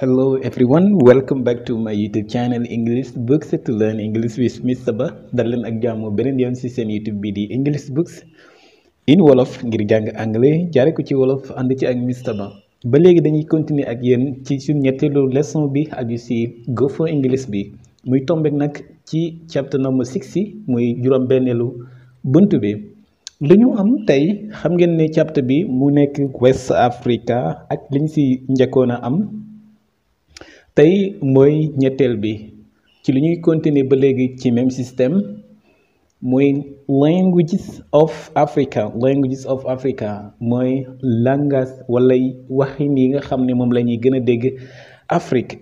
Hello everyone, welcome back to my YouTube channel English Books to learn English with Miss Saba dal leen ak jàmm beneen yoon ci seen YouTube bi di English Books in wolof ngir jàng anglais jaare ko ci wolof ànd ci ak Miss Saba ba léegi dañuy continuer ak yéen ci su ñetteelu leçon bi aju ci Go for English bi muy tombeek nag ci chapter number six muy juróom benneelu bunt bi li ñu am tey xam ngeen ne chapter bi mu nekk West Africa ak liñ ci njëkkoon a am tey mooy ñetteel bi ci li ñuy continuer ba léegi ci même système mooy languages of Africa languages of Africa mooy langage walla waxin yi nga xam ne moom la ñuy gën a dégg Afrique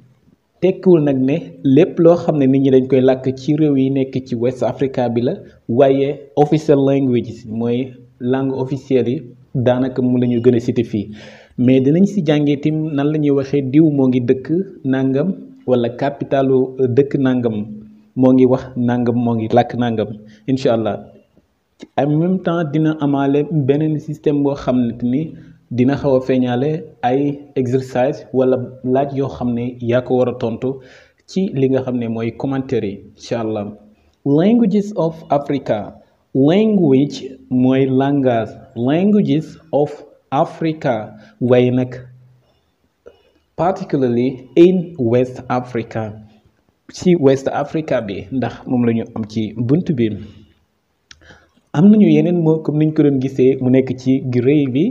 tekkiwul nag ne lépp loo xam ne nit ñi lañ koy làkk ci réew yi nekk ci West Africa bi la waaye official languages mooy langue officielle yi daanaka moom la ñu gën a cité fii mais dinañ si jàngee tim nan la ñuy waxee diw moo ngi dëkk nangam wala capitalu euh, dëkk nangam moo ngi wax nangam moo ngi làkk nangam incha allah en même temps dina amaale beneen système boo xam ne ni dina xaw a feeñaale ay exercice wala laaj yoo xam ne yaa ko war a tontu ci li nga xam ne mooy commentaire yi incha allah languages of Africa language mooy langage languages of Africa waye nag particularly in West Africa ci West Africa bi ndax moom lañu am ci bunt bi am nañu yeneen moo comme niñ ko doon gisee mu nekk ci grey bi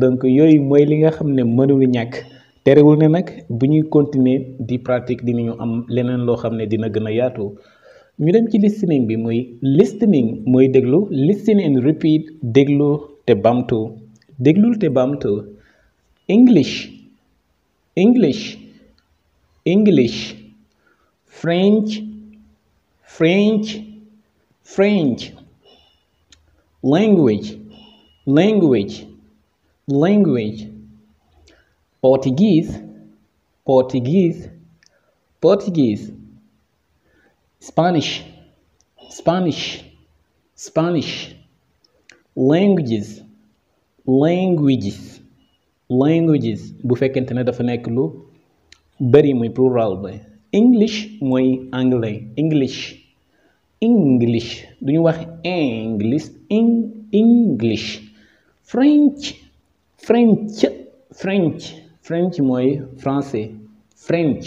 donc yooyu mooy li nga xam ne mënul ñàkk terewul ne nag bu ñuy continuer di pratique dinañu am leneen loo xam ne dina gën a yaatu ñu dem ci listening bi muy listening mooy déglu listen and repeat déglu te bamtu déglul te baamtu english english english french french french language language language portuguese portuguese portuguese spanish spanish spanish languages languages languages bu fekkente ne dafa nekk lu bari muy plural ba english mooy anglais english english duñu wax english in english french french french french mooy français french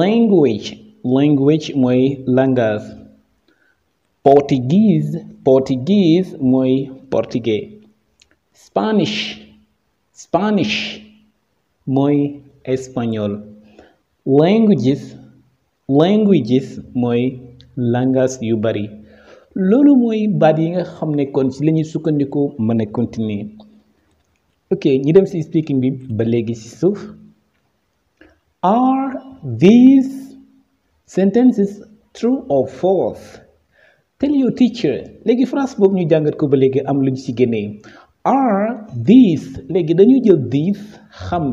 language language mooy langage portugais portugais mooy portugais spanish spanish mooy espagnol languages languages mooy langaas yu bari loolu mooy baat yi nga xam ne kon ci lañuy ñuy sukkandiku mën a continuer ok ñu dem ci speaking bi ba léegi ci suuf are these sentences true or false tell your teacher léegi france boobu ñu jàngat ko ba léegi am lu ñu ci génnee are these léegi dañu jël these xam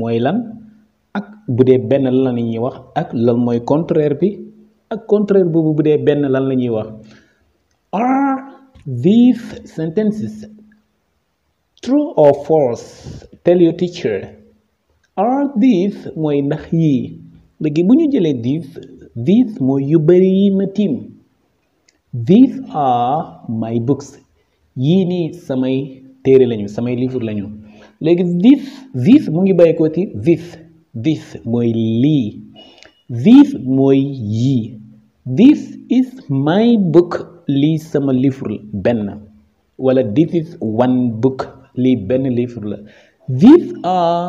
mooy lan ak bu dee benn lan la ñuy wax ak lan mooy contraire bi ak contraire boobu bu dee benn lan la ñuy wax are these sentences true or false tell your mooy ndax yi léegi bu ñu jëlee these these mooy yu bëri yi ma tiim these are my books yii nii samay téere lañu samay livre lañu léegi this this mu ngi bàyyi ko ci this this mooy lii this mooy yii this is my book lii sama livre benn wala this is one book lii benn livre la these are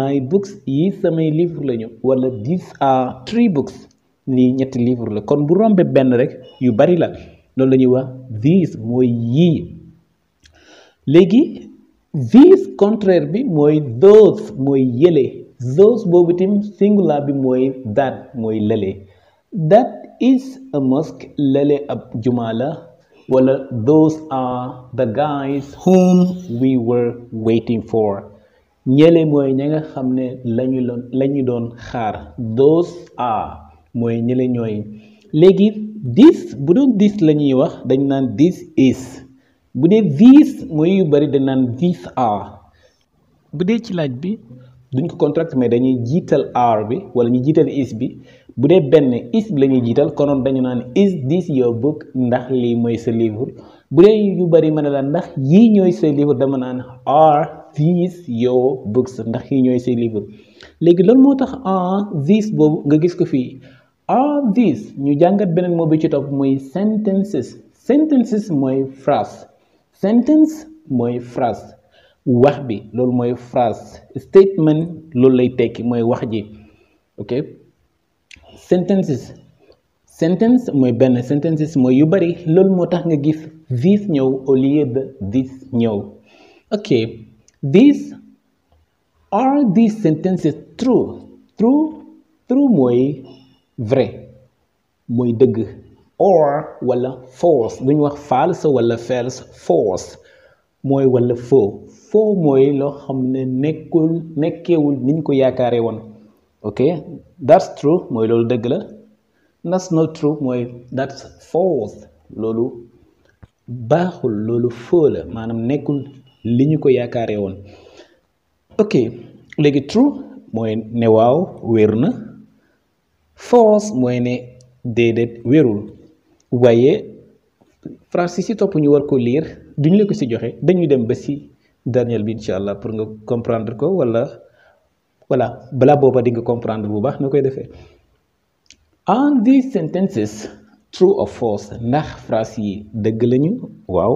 my books yi samay livre lañu wala these are three books lii ñetti livre la kon bu rombe benn rek yu bari la loolu la wax these mooy yii léegi these contraire bi mooy those mooy yële those boobu tim singular bi mooy that mooy lële that is a mosque lële ab jumaa la wala those are the guys whom we were waiting for ñële mooy ña nga xam ne lañu doon lañu doon xaar those are mooy ñële ñooy léegi this bu doon this la wax dañ naan this is bu dee vis mooy yu bëri dañ naan vis R bu dee ci laaj bi duñ ko contract mais dañuy jiital R bi wala ñu jiital is bi bu dee benn is bi la jiital konoon dañu naan is this your book ndax lii mooy sa livre bu dee yu bëri mën la ndax yii ñooy sa livre dama naan are these your books ndax yii ñooy say livre léegi loolu moo tax are these boobu nga gis ko fii are these ñu jàngat beneen moo bi ci topp mooy sentences sentences mooy phrase sentence mooy phrase wax bi loolu mooy phrase statement loolu lay tekki mooy wax ji ok sentences sentence mooy benn sentences mooy yu bari loolu moo tax nga gis this ñëw au lieu de this ñëw ok these are these sentences true true true mooy vrai mooy dëgg or wala false lu ñu wax false wala false false mooy walla foo faux mooy loo xam ne nekkul nekkeewul niñ ko yaakaare woon ok that's mooy loolu dëgg la that's not true mooy that's loolu baaxul loolu faux maanaam nekkul li ñu ko yaakaaree woon ok léegi true mooy ne waaw wér na false mooy ne déedéet wérul waaye français si topp ñu war ko liir duñu la ko si joxe dañuy dem ba si dernier bi incha allah pour nga comprendre ko wala voilà balaa booba di comprendre bu baax na koy defee on these sentences true or false ndax phrase yi dëgg lañu waaw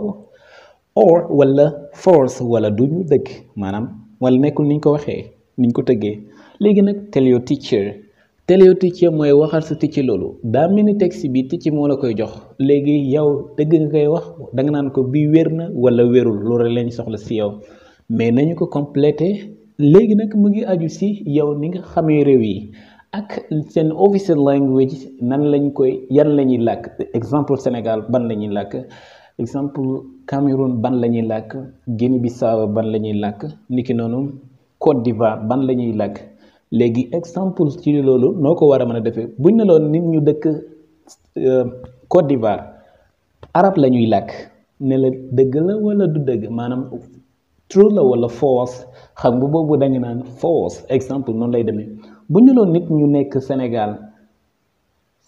or wala false wala duñu dëgg maanaam wala nekkul niñ ko waxee niñ ko tëggee léegi nag tell your teacher téléo ticce mooy waxal sa ci loolu daa mel ni texte bi ci moo la koy jox léegi yow dëgg nga koy wax da nga naan ko bii wér na wala wérul loolu lañ soxla si yow mais nañu ko complété léegi nag mu ngi aju si yow ni nga xamee réew yi ak seen official language nan lañ koy yan la ñuy làkk exemple Sénégal ban la ñuy làkk exemple Cameroun ban la ñuy làkk Guinée-Bissau ban la ñuy làkk niki noonu Côte d'Ivoire ban la ñuy làkk léegi exemple ci loolu noo ko war a mën a defee buñ ne loon nit ñu dëkk euh, Côte d'Ivoire arab la ñuy làkk ne la dëgg la wala du dëgg maanaam true la wala false xam nga boobu dañu naan false exemple noonu lay demee bu ñu loon nit ñu nekk Sénégal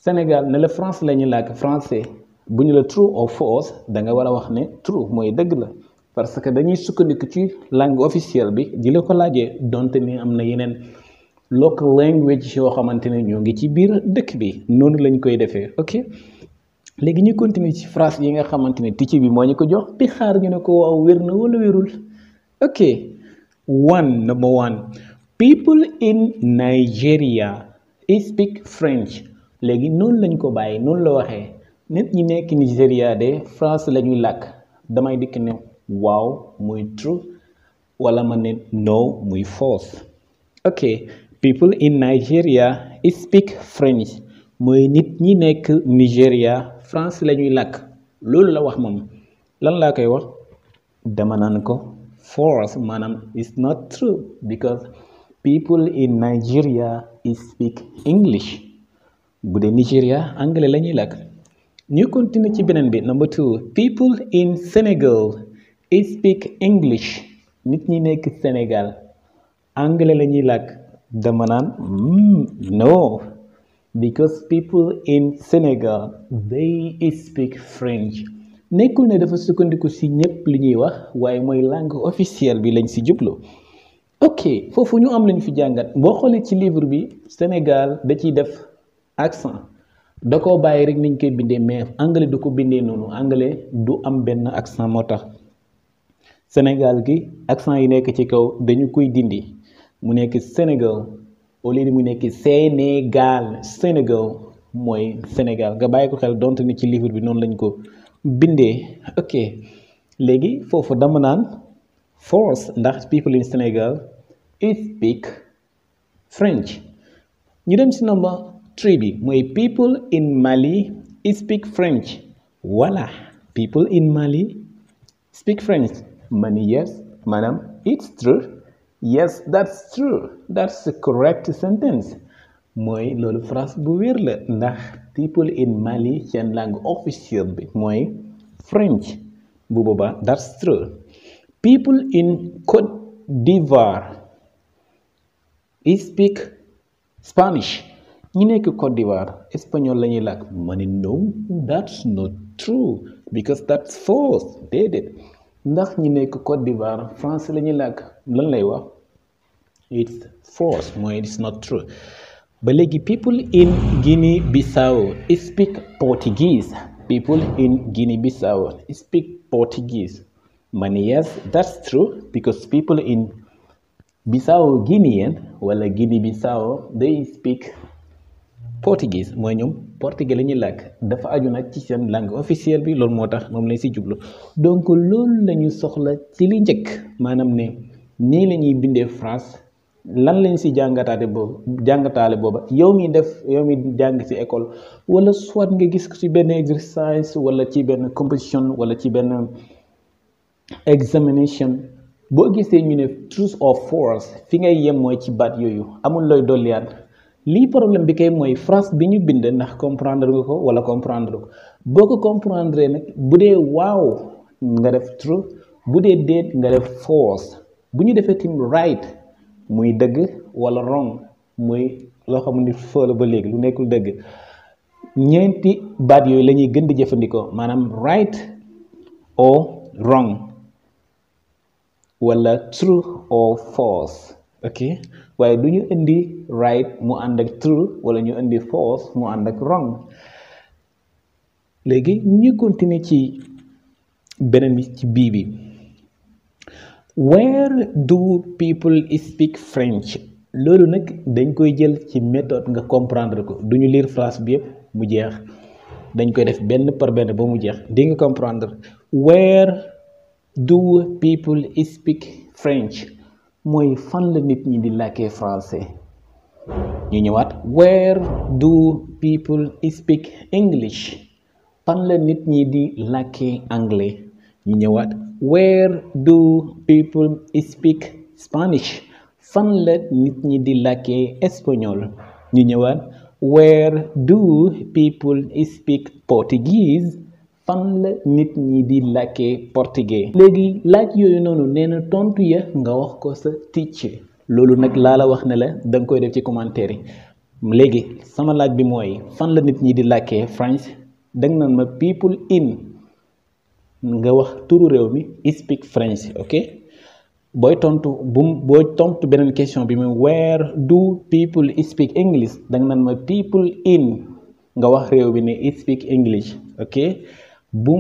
Sénégal ne la France la ñuy làkk français bu ñu la true or false da nga war a wax ne true mooy dëgg la parce que dañuy sukkandiku ci langue officielle bi di la ko laajee donte ni am na yeneen local language yoo xamante ne ñoo ngi ci biir dëkk bi noonu lañ koy defee ok léegi ñu continuer ci phrase yi nga xamante ne teacher bi moo ñu ko jox di xaar ñu ne ko waaw wér na wala wérul ok one number one people in Nigeria they speak French léegi noonu lañ ko bàyyi noonu la waxee nit ñi nekk Nigeria de France lañuy làkk damay dikk ne waaw muy true wala ma ne no muy false ok people in Nigeria speak French mooy nit ñi nekk Nigeria France lañuy ñuy làkk loolu la wax moom lan laa koy wax dama naan ko false maanaam it's not true because people in Nigeria speak English bu dee Nigeria anglais lañuy ñuy làkk ñu continue ci beneen bi number two people in Senegal speak English nit ñi nekk Sénégal anglais lañuy ñuy làkk dama naan mm, no because people in Senegal they speak French nekkul ne dafa sukkandiku si ñëpp li ñuy wax waaye mooy langue officielle bi lañ si jublu ok foofu ñu am lañ fi jàngat boo xoolee ci livre bi Sénégal da ciy def accent da ko bàyyi rek niñ koy bindee mais anglais du ko bindee noonu anglais du am benn accent moo tax Sénégal gi accent yi nekk ci kaw dañu koy dindi. mu nekk Sénégal au lieu mu nekk Sénégal Sénégal mooy Sénégal nga bàyyi ko xel donte ni ci livre bi noonu lañ ko bindee ok léegi foofu dama naan force ndax people in Sénégal they speak French ñu dem si number three bi mooy people in Mali they speak French voilà people in Mali speak French ma yes maanaam it's true yes that's true that's a correct sentence mooy loolu phrase bu wér la ndax people in Mali seen langue officielle bi mooy French bu boobaa that's true people in Côte d'Ivoire they speak Spanish ñi nekk Côte d'Ivoire espagnol la làkk ma ne no that's not true because that's false déedéet ndax ñi nekk Côte d'Ivoire français la ñuy làkk lan lay wax it's false mooy it's not true ba léegi people in Guinea Bissau speak Portuguese people in Guinea Bissau speak Portuguese man yes that's true because people in Bissau Guinean wala Guinea Bissau they speak portugais mooy ñoom portugais la ñuy làkk dafa aju nag ci seen langue officielle bi loolu moo tax moom lañ si jublu donc loolu la soxla ci li njëkk maanaam ne nii lañuy bindee France lan lañ si jàngataate boobu jàngataale booba yow mi def yow mi jàng si école wala soit nga gis ko si benn exercice wala ci benn compétition wala ci benn examination boo gisee ñu ne truth or false fi ngay yem mooy ci baat yooyu amul looy dolliyaat lii problème bi kay mooy phrase bi ñu bind ndax comprendre nga ko wala comprendre ko boo ko comprendre nag bu dee waaw nga def true bu dee déet nga def false bu ñu defee tim right muy dëgg walla wrong muy loo xam fële ba léegi lu nekkul dëgg ñeenti baat yooyu lañuy gën di jëfandikoo maanaam right or wrong wala true or false ok waaye du ñu indi right mu ànd ak true wala ñu indi false mu ànd ak wrong léegi ñu continuer ci beneen bi ci bii bi where do people speak French loolu nag dañ koy jël ci méthode nga comprendre ko du ñu lire phrase bi yëpp mu jeex dañ koy def benn par benn ba mu jeex di nga comprendre where do people speak French mooy fan la nit ñi di làkkee français ñu ñëwaat where do people speak English fan la nit ñi di làkkee anglais ñu ñëwaat where do people speak Spanish fan la nit ñi di làkkee espagnol ñu ñëwaat where do people speak Portuguese fan la nit ñi di làkkee portugais léegi laaj yooyu noonu nee na tontu ya nga wax ko sa teacher loolu nag laa la wax ne la danga koy def ci commentaire yi léegi sama laaj bi mooy fan la nit ñi di làkkee French danga naan ma people in nga wax turu réew mi speak French tontu bu tontu beneen question bi mooy where do people speak English danga naan ma people in nga wax réew bi ne speak English ok bu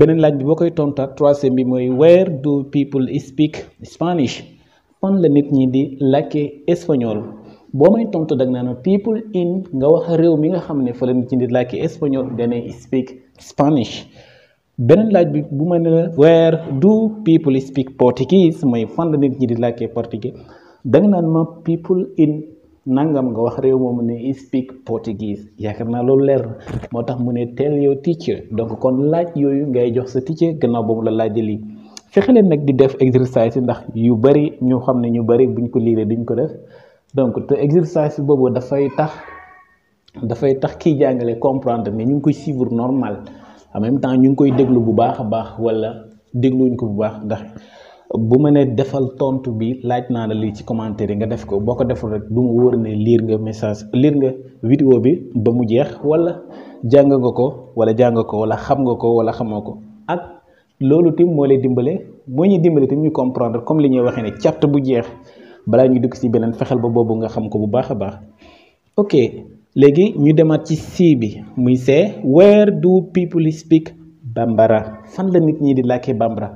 beneen laaj bi boo koy tontaat troisième bi mooy where do people speak Spanish fan la nit ñi di làkke espagnol boo may tontu dag naa ne people in nga wax réew mi nga xam ne fa la nit ñi di làkke espagnol nga ne speak Spanish beneen laaj bi bu ma ne la where do people speak Portuguese mooy fan la nit ñi di lakkee portugais danga naan ma people in nangam nga wax réew moom mu ne I speak portuguese yaakaar naa loolu leer moo tax mu ne tell your teacher donc kon laaj yooyu ngay jox sa teacher gannaaw boobu la laaj lii fexe leen nag di def exercice ndax yu bari ñoo xam ne ñu bari buñ ko liiree duñ ko def donc te exercice boobu dafay tax dafay tax kiy jàngale comprendre mais ñu ngi koy suivre normal en même temps ñu ngi koy déglu bu baax a baax wala dégluwuñ ko bu baax ndax. bu ma nee defal tontu bi laaj naa la li ci commentaire yi nga def ko boo ko deful rek du ma wóor ne liir nga message liir nga vidéo bi ba mu jeex wala jàng nga ko wala jàng ko wala xam nga ko wala xamoo ko ak loolu tim moo lay dimbale moo ñuy dimbale tim ñu comprendre comme li ñuy waxee ne càpt bu jeex balaa ñuy dugg si beneen fexeel ba boobu nga xam ko bu baax a baax ok léegi ñu demaat ci C bi muy C where do people speak bambara fan la nit ñi di làkkee bambara.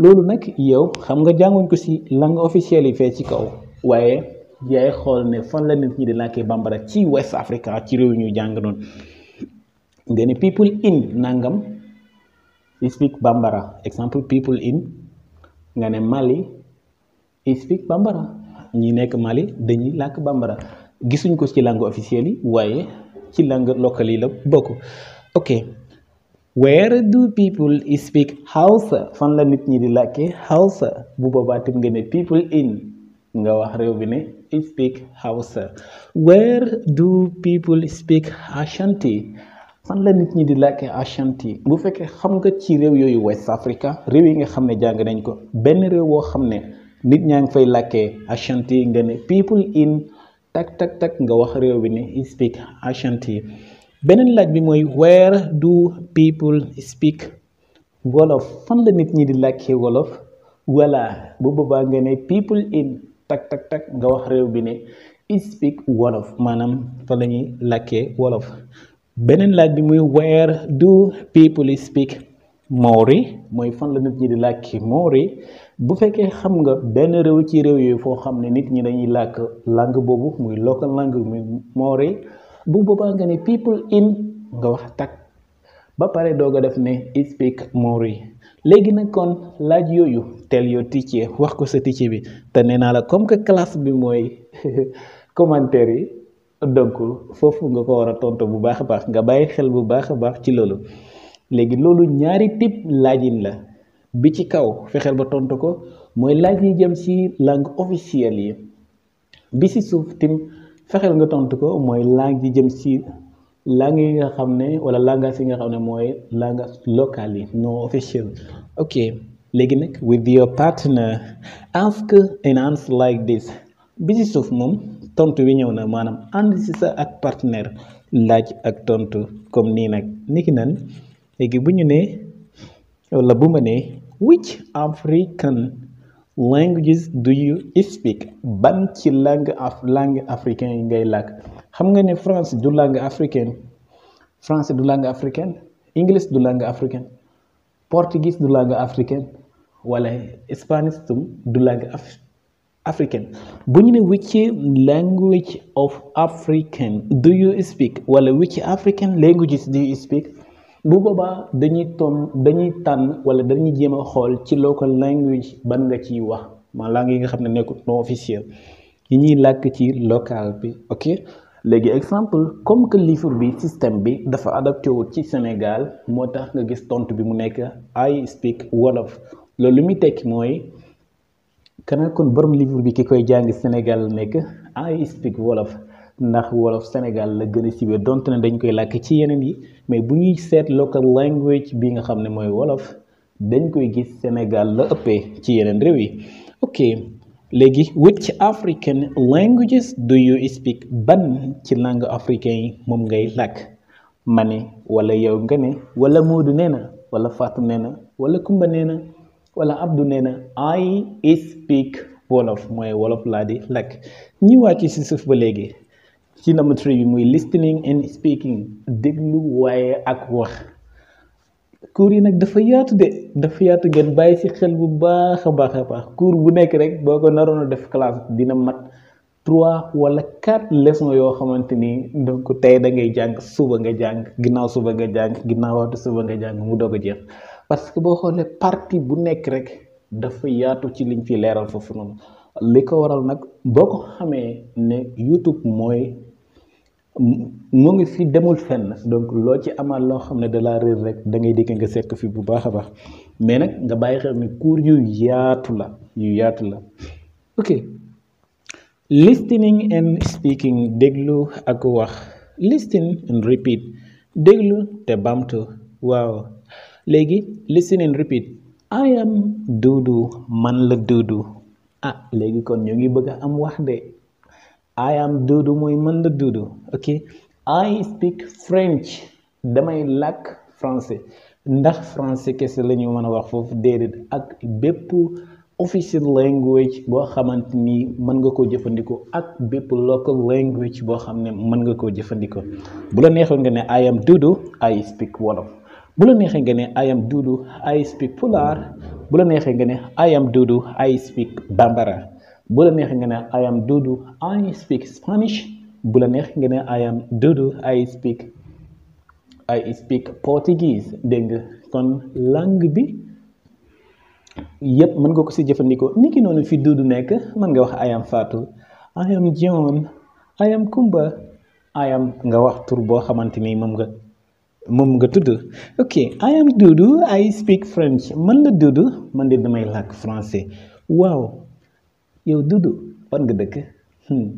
loolu nag yow xam nga jànguñ ko ci langue officielle yi fee ci kaw waaye yaay xool ne fan la nit ñi di làkkee bambara ci West Africa ci réew ñuy jàng noonu nga ne people in nangam they speak bambara exemple people in nga ne Mali they speak bambara ñi nekk Mali dañuy làkk bambara gisuñ ko ci langue officielle yi waaye ci langue locale yi la bokk ok. where do people speak Hausa fan la nit ñi di làkke Hausa bu boobaa tim nga in nga wax réew bi ne speak Hausa where do people speak Ashanti fan la nit ñi di làkke Ashanti bu fekkee xam nga ci réew yooyu West Africa réew yi nga xam ne jàng nañ ko benn réew woo xam ne nit ñaa ngi fay lakkee Ashanti nga ne people in tak tak tak nga wax réew bi ne speak Ashanti beneen laaj bi mooy where do people speak wolof fan la nit ñi di làkkee wolof walla bu boobaa nga ne people in tak tak tak nga wax réew bi ne speak wolof maanaam fan la ñuy làkkee wolof beneen laaj bi muy where do people speak Maori mooy fan la nit ñi di làkki Maori bu fekkee xam nga benn réew ci réew yooyu foo xam ne nit ñi dañuy làkk langue boobu muy local langue muy Maori bu boobaa nga ne people in nga wax tag ba pare doog a def ne I speak Maori léegi nag kon laaj yooyu tell your teacher wax ko sa teacher bi te nee naa la comme que classe bi mooy commentaire yi donc foofu nga ko war a tontu bu baax a baax nga bàyyi xel bu baax a baax ci loolu léegi loolu ñaari laaj laajin la bi ci kaw fexeel ba tontu ko mooy laaj yi jëm ci langue officielle yi bi ci suuf tim fexeel nga tontu ko mooy langue yi jëm si langue yi nga xam ne wala langage yi nga xam ne mooy langage local yi non official ok léegi nag with your partner ask and answer like this bi si suuf moom tontu wi ñëw na maanaam ànd si sa ak partenaire laaj ak tontu comme nii nag niki nan léegi bu ñu ne wala bu ma ne which African languages do you speak ban ci langue af africain yi ngay làkk xam nga ne France du langue africaine français du langue africaine english du langue africaine portugais du langue africaine wala spanish du langue bu ñu ne which language of do you wala which african languages do you speak bu boobaa dañuy tom dañuy tànn wala dañuy jéem a xool ci local language ban nga ciy wax ma langue yi nga xam ne nekkul non officiel yi ñuy làkk ci local bi ok léegi exemple comme que livre bi système bi dafa adapté wu ci Sénégal moo tax nga gis tontu bi mu nekk I speak wolof loolu lu muy tekki mooy kana kon borom livre bi ki koy jàng Sénégal nekk I speak wolof. ndax wolof Sénégal la gën a siiwee dont ne dañ koy làkk ci yeneen yi mais bu ñuy seet local language bi nga xam ne mooy wolof dañ koy gis senegal la ëppee ci yeneen réew yi ok léegi ci African languages do you speak ban ci langue africain yi moom ngay làkk ma ne wala yow nga ne wala Moodu nee na wala Fatou nee na wala Kumba nee na wala abdu nee na I speak wolof mooy wolof laa di làkk ñi wàcc ci suuf ba léegi. ci number three bi muy listening and speaking déglu waaye ak wax cours yi nag dafa yaatu de dafa yaatu gën bàyyi ci xel bu baax a baax a baax cours bu nekk rek boo ko naroon def classe dina mat trois wala quatre leçons yoo xamante ni donc tey da ngay jàng suba nga jàng ginnaaw suba nga jàng ginnaaw waxtu suba nga jàng mu doog a jeex parce que boo xoolee partie bu nekk rek dafa yaatu ci liñ fi leeral foofu noonu li ko waral nag boo ko xamee ne YouTube mooy. mu ngi fi demul fenn donc loo ci amaat loo xam ne da laa réer rek da ngay dégg nga sekk fi bu baax a baax mais nag nga bàyyi xel ni cours yu yaatu la yu yaatu la ok listening and speaking déglu ak wax listen and repeat déglu te bamtu waaw léegi listen and repeat I am Dudu man la Dudu ah léegi kon ñoo ngi bëgg a am wax de. I am Dudu mooy man la Dudu ok I speak French damay làkk français ndax français kese la mën a wax foofu déedéet ak bépp official language boo xamante ni mën nga koo jëfandikoo ak bépp local language boo xam ne mën nga koo jëfandikoo bu la neexee nga ne I am Dudu I speak wolof bu la neexee nga ne I am Dudu I speak bu la neexee nga ne Dudu I speak bambara. bu la neexee nga ne I am Dudu I speak Spanish bu la neexee nga ne I am Dudu I speak I speak Portuguese dégg nga kon langue bi yëpp mën nga ko si jëfandikoo ni ki noonu fi Dudu nekk mën nga wax ayam am Fatou I am John I Kumba I nga wax tur boo xamante ni moom nga moom nga tudd ok I am Dudu I speak French man la Dudu man de damay làkk français waaw. yow Dudu fan nga dëkk hmm.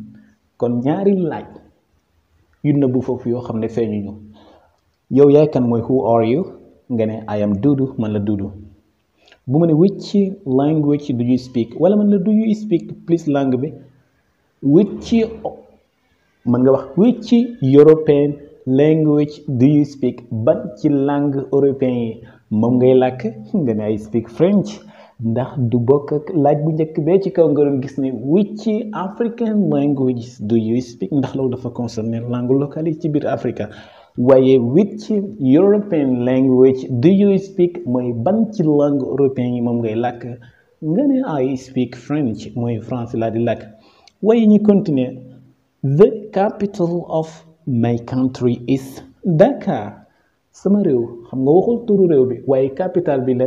kon ñaari laaj yu nëbbu foofu yoo xam ne feeñuñu yow yaay kan mooy who are you nga ne I am Dudu man la Dudu bu ma ne which language do you speak wala mën la do you speak please langue bi which mën nga wax which European language do you speak ban ci langue européen yi moom ngay làkk nga ne I speak French. ndax du bokk ak laaj bu njëkk bee ci kaw nga doon gis ne which African languages do you speak ndax loolu dafa concerner langue locale ci biir Africa waaye which European language do you speak mooy ban ci langue européen yi moom ngay làkk nga ne I speak French mooy français laa di làkk waaye ñu continuer the capital of my country is Dakar sama réew xam nga waxul turu réew bi waaye capital bi la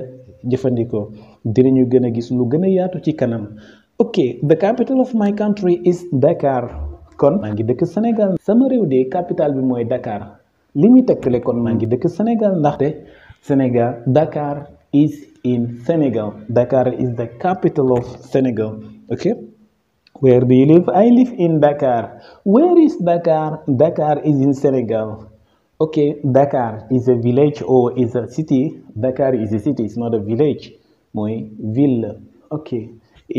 jëfandikoo dinañu gën a gis lu gën a yaatu ci kanam ok the capital of my country is Dakar kon maa ngi dëkk senegal sama réew de capital bi mooy Dakar li muy tegtale kon maa ngi dëkk senegal ndaxte Sénégal Dakar is Dakar is the capital of Sénégal ok where do you live I live in Dakar where is Dakar Dakar in Sénégal ok Dakar is a village or is a city Dakar is a city it's not a village mooy ville ok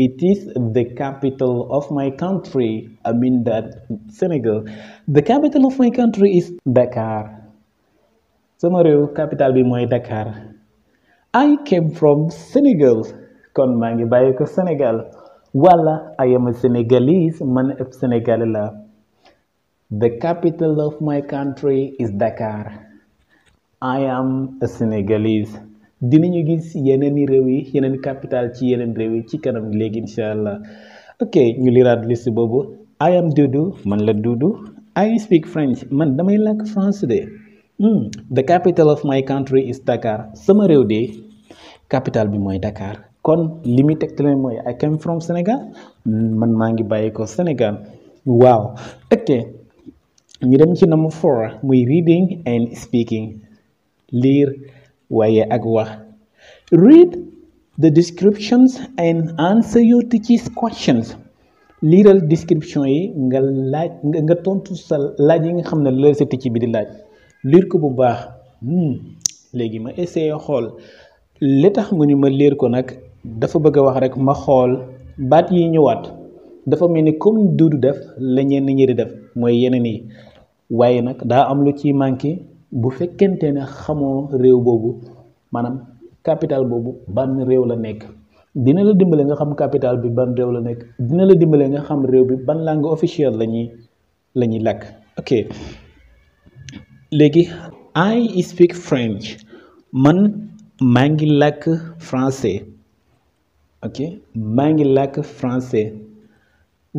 it is the capital of my country I mean that Sénégal the capital of my country is Dakar sama réew capital bi mooy Dakar I came from Sénégal kon maa ngi bàyyi ko Sénégal wala I am a Senegalese man ab Sénégalais la the capital of my country is Dakar I am a Senegalese dinañu gis yeneen i réew yi yeneen capital ci yeneen réew yi ci kanam léegi incha allah ok ñu liraat liste boobu I am Doudou man la Doudou I speak French man damay làkk France de hmm, the capital of my country is Dakar sama réew de capital bi mooy dakaar kon li muy tegtale mooy I came from Sénégal man maa ngi bàyyi ko Sénégal waaw ok ñu dem ci number four muy reading and speaking lire. waaye ak wax read the descriptions and answer your teacher's questions liiral description yi nga laaj nga tontu sa laaj yi nga xam ne la sa teacher bi di laaj liir ko bu baax hmm, léegi ma essayé xool li tax mu ni ma liir ko nag dafa bëgg a wax rek ma xool baat yi ñëwaat dafa mel ni comme duudu def la ñenn ñi di def mooy yeneen yi waaye nag daa am lu ci manqué bu fekkente ne xamoo réew boobu maanaam capital boobu ban réew la nekk dina la dimbale nga xam capital bi ban réew la nekk dina la dimbale nga xam réew bi ban langue officielle la ñuy lañuy ñuy làkk ok léegi I speak French man maa ngi làkk français ok maa ngi làkk français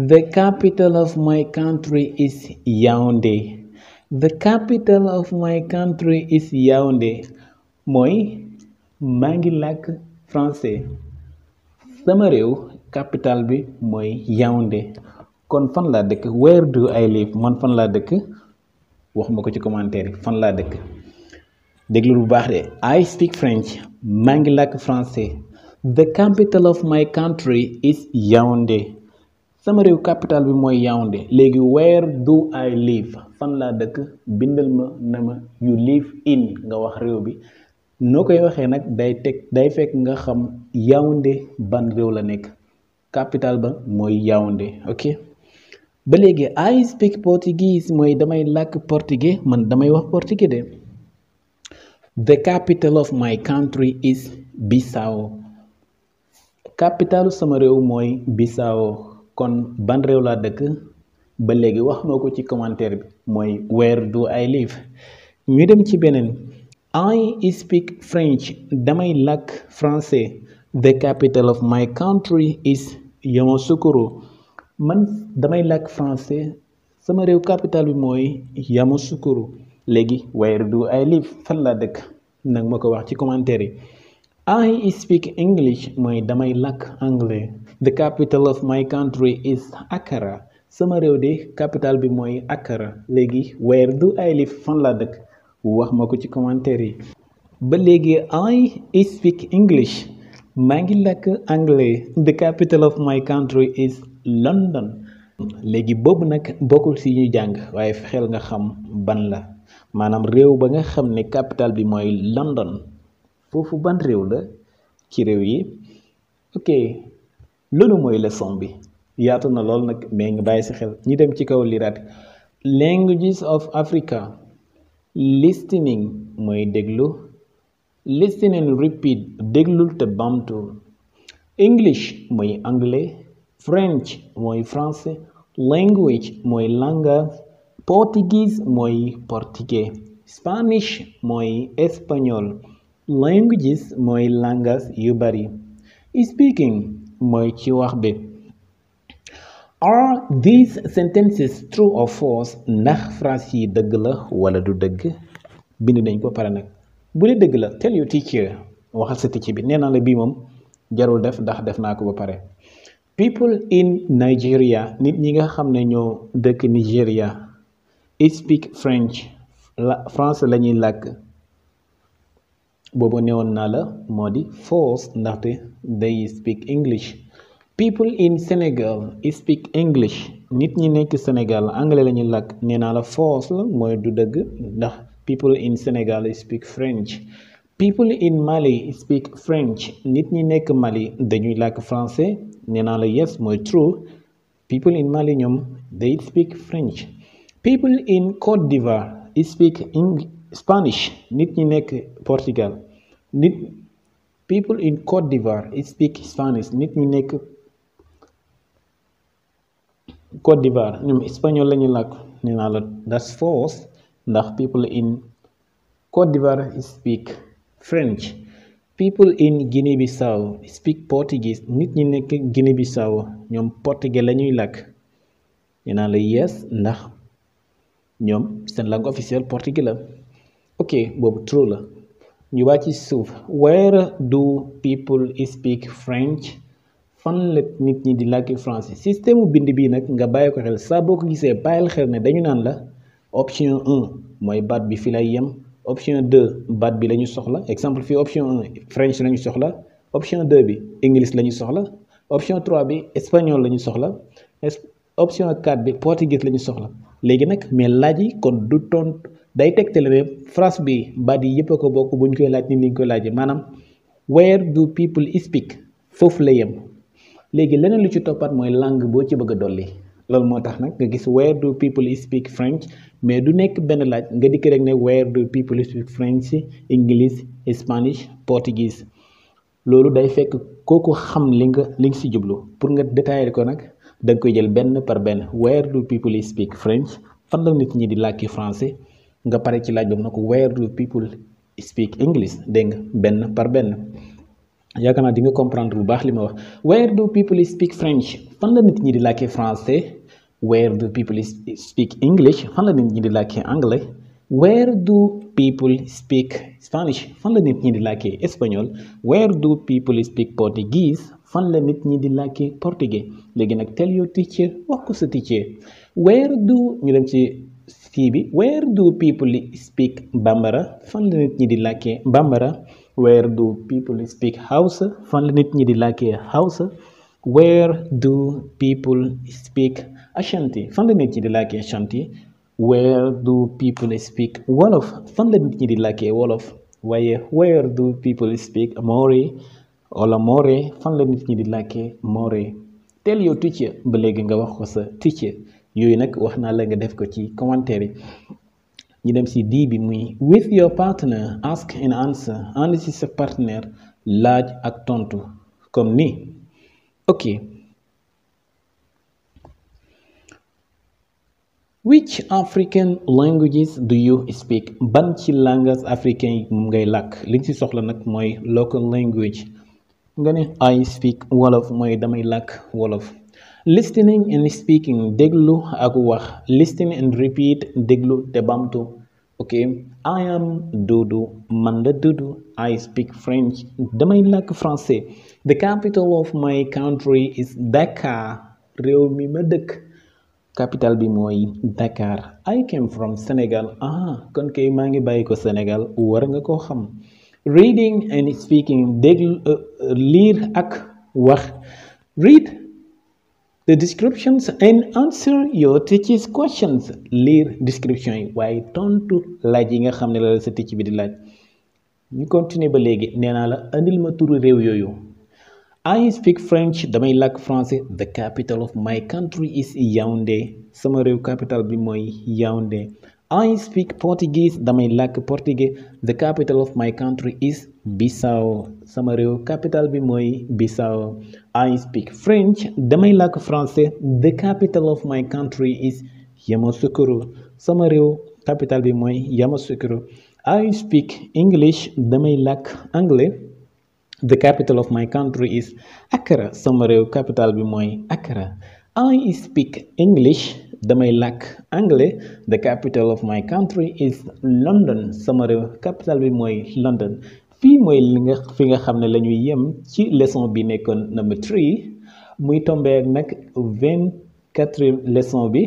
the capital of my country is Yaoundé the capital of my country is Yaoundé mooy maa ngi làkk français sama réew capital bi mooy Yaoundé kon fan laa dëkk where do I live man fan laa dëkk wax ma ko ci commentaire yi fan laa dëkk déglu bu baax de I speak French maa ngi làkk français the capital of my country is Yaoundé sama réew capital bi mooy Yaoundé léegi where do I live fan laa dëkk bindal ma ma you live nga wax réew bi noo koy waxee nag day teg day fekk nga xam Yaoundé ban réew la nekk capital ba mooy Yaoundé ok ba léegi I speak Portuguese mooy damay làkk portugais man damay wax portugais de the capital of my country is Bissau capitalu sama réew mooy Bissau kon ban réew laa dëkk ba léegi wax ma ko ci commentaire bi mooy where do I live ñu dem ci beneen I speak French damay làkk français the capital of my country is Yamoussoukro man damay làkk français sama réew capital bi mooy Yamoussoukro léegi where do I live fan laa dëkk nag ma ko wax ci commentaire yi I speak English mooy damay làkk anglais the capital of my country is Accra sama réew de capital bi mooy Accra léegi where do I live fan laa dëkk wax ma ko ci commentaire yi ba léegi I speak English maa ngi làkk anglais the capital of my country is London léegi boobu nag bokkul si ñuy jàng waaye fexeel nga xam ban la maanaam réew ba nga xam ne capital bi mooy London foofu ban réew la ci réew yi ok loolu mooy leçon bi yaatu na lool nag mais nga bàyyi si xel ñi dem ci kaw liraat languages of Africa listening mooy déglu listen and repeat déglul te bamtu English mooy anglais French mooy français language mooy langage Portuguese mooy portugais Spanish mooy espagnol languages mooy langage yu bari speaking mooy ci wax bi are these sentences true or false ndax phrase yi dëgg la wala du dëgg bind nañ ko pare nag bu dee dëgg la tell your teacher waxal sa teacher bi nee naa bii moom jarul def ndax def naa ko ba pare people in Nigeria nit ñi nga xam ne ñoo dëkk Nigeria it speak French la France la làkk boobu newoon naa la moo di false ndaxte they speak English people in Sénégal speak English nit ñi nekk Sénégal anglais la ñuy làkk nee naa la force la mooy du dëgg ndax people in Sénégal speak French people in Mali speak French nit ñi nekk Mali dañuy làkk français nee naa la yes mooy true people in Mali ñoom they speak French people in Côte d'Ivoire speak Spanish nit ñi nekk Portugal nit people in Côte d'Ivoire speak Spanish nit ñi nekk. Côte d'Ivoire ñoom espagnol la ñuy làkk nee naa la that's false ndax people in Côte d'Ivoire speak French people in Guinée Bissau speak Portuguese nit ñi nekk Guinée Bissau ñoom portugais lañuy ñuy làkk nee naa la yes ndax ñoom seen langue officielle portugais la ok boobu true la ñu wàcc ci suuf where do people speak French. fan la nit ñi di làkki français système mu bind bii nag nga bàyyi ko xel saa boo ko gisee bàyyil xel ne dañu naan la option mooy baat bi fi lay yem option deux baat bi la ñu soxla exemple fii option un French la ñu soxla option deux bi English la ñu soxla option trois bi espagnol la ñu soxla option quatre bi portugais la ñu soxla léegi nag mais laaj yi kon du tontu day tegtale ne France bi baat yi yëpp a ko bokk bu ñu koy laaj ni ñu koy laajee maanaam where do people speak foofu la yem. léegi leneen lu ci toppaat mooy langue boo ci bëgg a dolli loolu moo tax nag nga gis where do people speak French mais du nekk benn laaj nga dikk rek ne where do people speak French English Spanish Portuguese loolu day fekk kooku xam li nga li nga si jublu pour nga détailler ko nag da koy jël benn par benn where do people speak French fan la nit ñi di làkki français nga pare ci laaj boobu nag where do people speak English dégg nga benn par yaakaar naa dinga nga comprendre bu baax li ma wax where do people speak French fan la nit ñi di làkkee français where do people speak English fan la nit ñi di làkkee anglais where do people speak Spanish fan la nit ñi di làkkee español where do people speak Portuguese fan la nit ñi di làkkee portugais léegi nag tell your teacher wax ko sa teacher where do ñu dem ci kii bi where do people speak Bambara fan la nit ñi di làkkee Bambara. where do people speak Hausa fan la nit ñi di làkkee Hausa where do people speak Ashanti fan la nit ñi di làkkee Ashanti where do people speak wolof fan la nit ñi di lakkee wolof waaye where do people speak Maori wala Maore fan la nit ñi di làkkee Maore tell your teacher ba léegi nga wax ko sa teacher yooyu nag wax naa la nga def ko ci commentaire yi ñu dem si D bi muy with your partner ask and answer ànd si sa partenaire laaj ak tontu comme ni ok which African languages do you speak ban ci langues africain yi moom ngay làkk li ci soxla nag mooy local language nga ne I speak wolof mooy damay làkk wolof. listening and speaking déglu ak wax listening and repeat déglu te bamtu ok I am Dudu man la Dudu I speak French damay làkk français the capital of my country is Dakar réew mi ma dëkk capital bi mooy Dakar I came from Sénégal ah, kon kay maa ngi bàyyi ko Sénégal war nga koo xam reading and speaking déglu euh, euh, liir ak wax the descriptions and answer te teacher's questions liir description yi waaye tontu laaj yi nga xam ne la la sa ticc bi di laaj ñu continuer ba léegi nee naa la andil ma turu réew yooyu I speak French damay làkk français the capital of my country is Yaoundé sama réew capital bi mooy Yaoundé I speak Portuguese damay làkk portugais the capital of my country is Bissau sama réew capital bi mooy Bissau I speak French damay lakk français the capital of my country is Yamoussoukro sama réew capital bi mooy Yamoussoukro I speak English damay lakk anglais the capital of is Accra sama réew capital bi mooy Accra I speak damay làkk anglais the capital of my country is London sama réew capital bi mooy London fii mooy li nga fi nga xam ne lañuy yem ci lesson bi nekkoon number three muy tombeek nag vingt quatrième leçon bi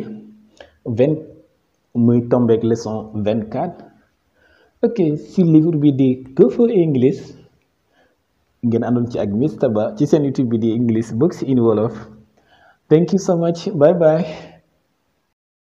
vingt muy tombeek leçon vingt quatre ok si livre bi di que for English ngeen àndoon ci ak Miss ci seen YouTube bi di English Books in Wolof thank you so much bye bye